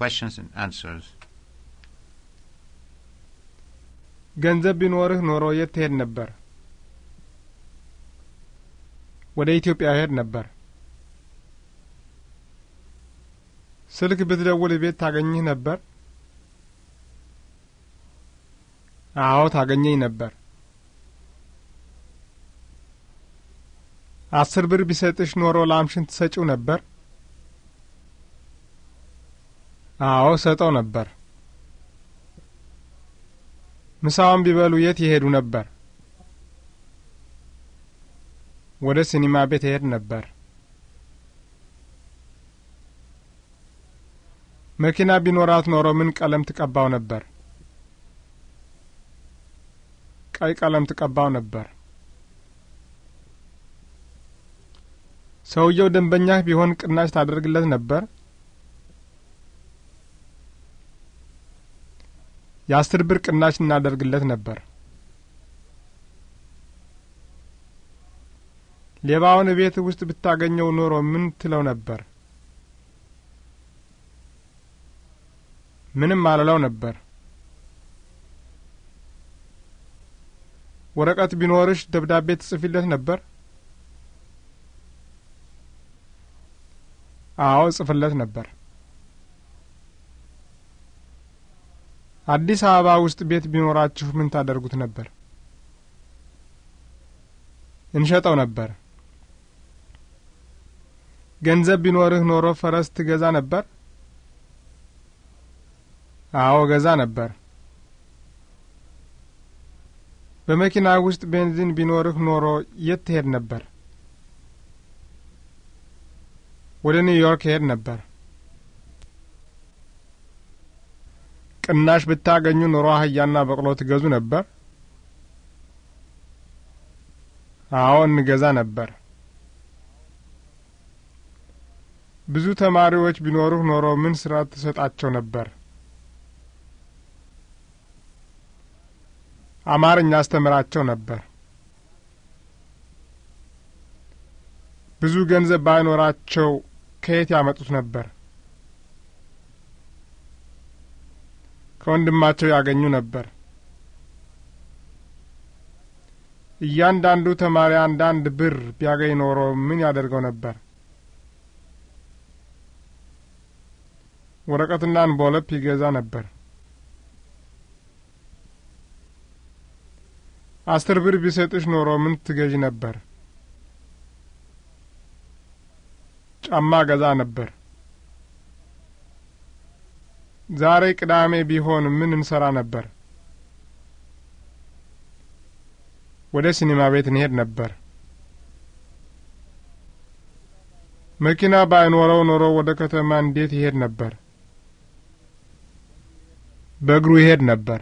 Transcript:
questions and answers ገንዘብ ቢኖርህ ኖሮ የት ትሄድ ነበር? ወደ ኢትዮጵያ ሄድ ነበር። ስልክ ብትደውል ቤት ታገኝህ ነበር? አዎ ታገኘኝ ነበር። አስር ብር ቢሰጥሽ ኖሮ ላምሽን ትሰጪው ነበር? አዎ ሰጠው ነበር። ምሳውን ቢበሉ የት ይሄዱ ነበር? ወደ ሲኒማ ቤት ይሄድ ነበር። መኪና ቢኖራት ኖሮ ምን ቀለም ትቀባው ነበር? ቀይ ቀለም ትቀባው ነበር። ሰውየው ደንበኛህ ቢሆን ቅናሽ ታደርግለት ነበር? የአስር ብር ቅናሽ እናደርግለት ነበር። ሌባውን ቤት ውስጥ ብታገኘው ኖሮ ምን ትለው ነበር? ምንም አልለው ነበር። ወረቀት ቢኖርሽ ደብዳቤ ትጽፊለት ነበር? አዎ ጽፍለት ነበር። አዲስ አበባ ውስጥ ቤት ቢኖራችሁ ምን ታደርጉት ነበር? እንሸጠው ነበር። ገንዘብ ቢኖርህ ኖሮ ፈረስ ትገዛ ነበር? አዎ ገዛ ነበር። በመኪና ውስጥ ቤንዚን ቢኖርህ ኖሮ የት ትሄድ ነበር? ወደ ኒውዮርክ ሄድ ነበር። ቅናሽ ብታገኙ ኑሮ አህያና በቅሎ ትገዙ ነበር? አዎ እንገዛ ነበር። ብዙ ተማሪዎች ቢኖሩህ ኖሮ ምን ስራ ትሰጣቸው ነበር? አማርኛ አስተምራቸው ነበር። ብዙ ገንዘብ ባይኖራቸው ከየት ያመጡት ነበር? ከወንድማቸው ያገኙ ነበር። እያንዳንዱ ተማሪ አንዳንድ ብር ቢያገኝ ኖሮ ምን ያደርገው ነበር? ወረቀትና እንቦለፕ ይገዛ ነበር። አስር ብር ቢሰጥሽ ኖሮ ምን ትገዢ ነበር? ጫማ ገዛ ነበር። ዛሬ ቅዳሜ ቢሆን ምን እንሰራ ነበር? ወደ ሲኒማ ቤት እንሄድ ነበር። መኪና ባይኖረው ኖሮ ወደ ከተማ እንዴት ይሄድ ነበር? በእግሩ ይሄድ ነበር።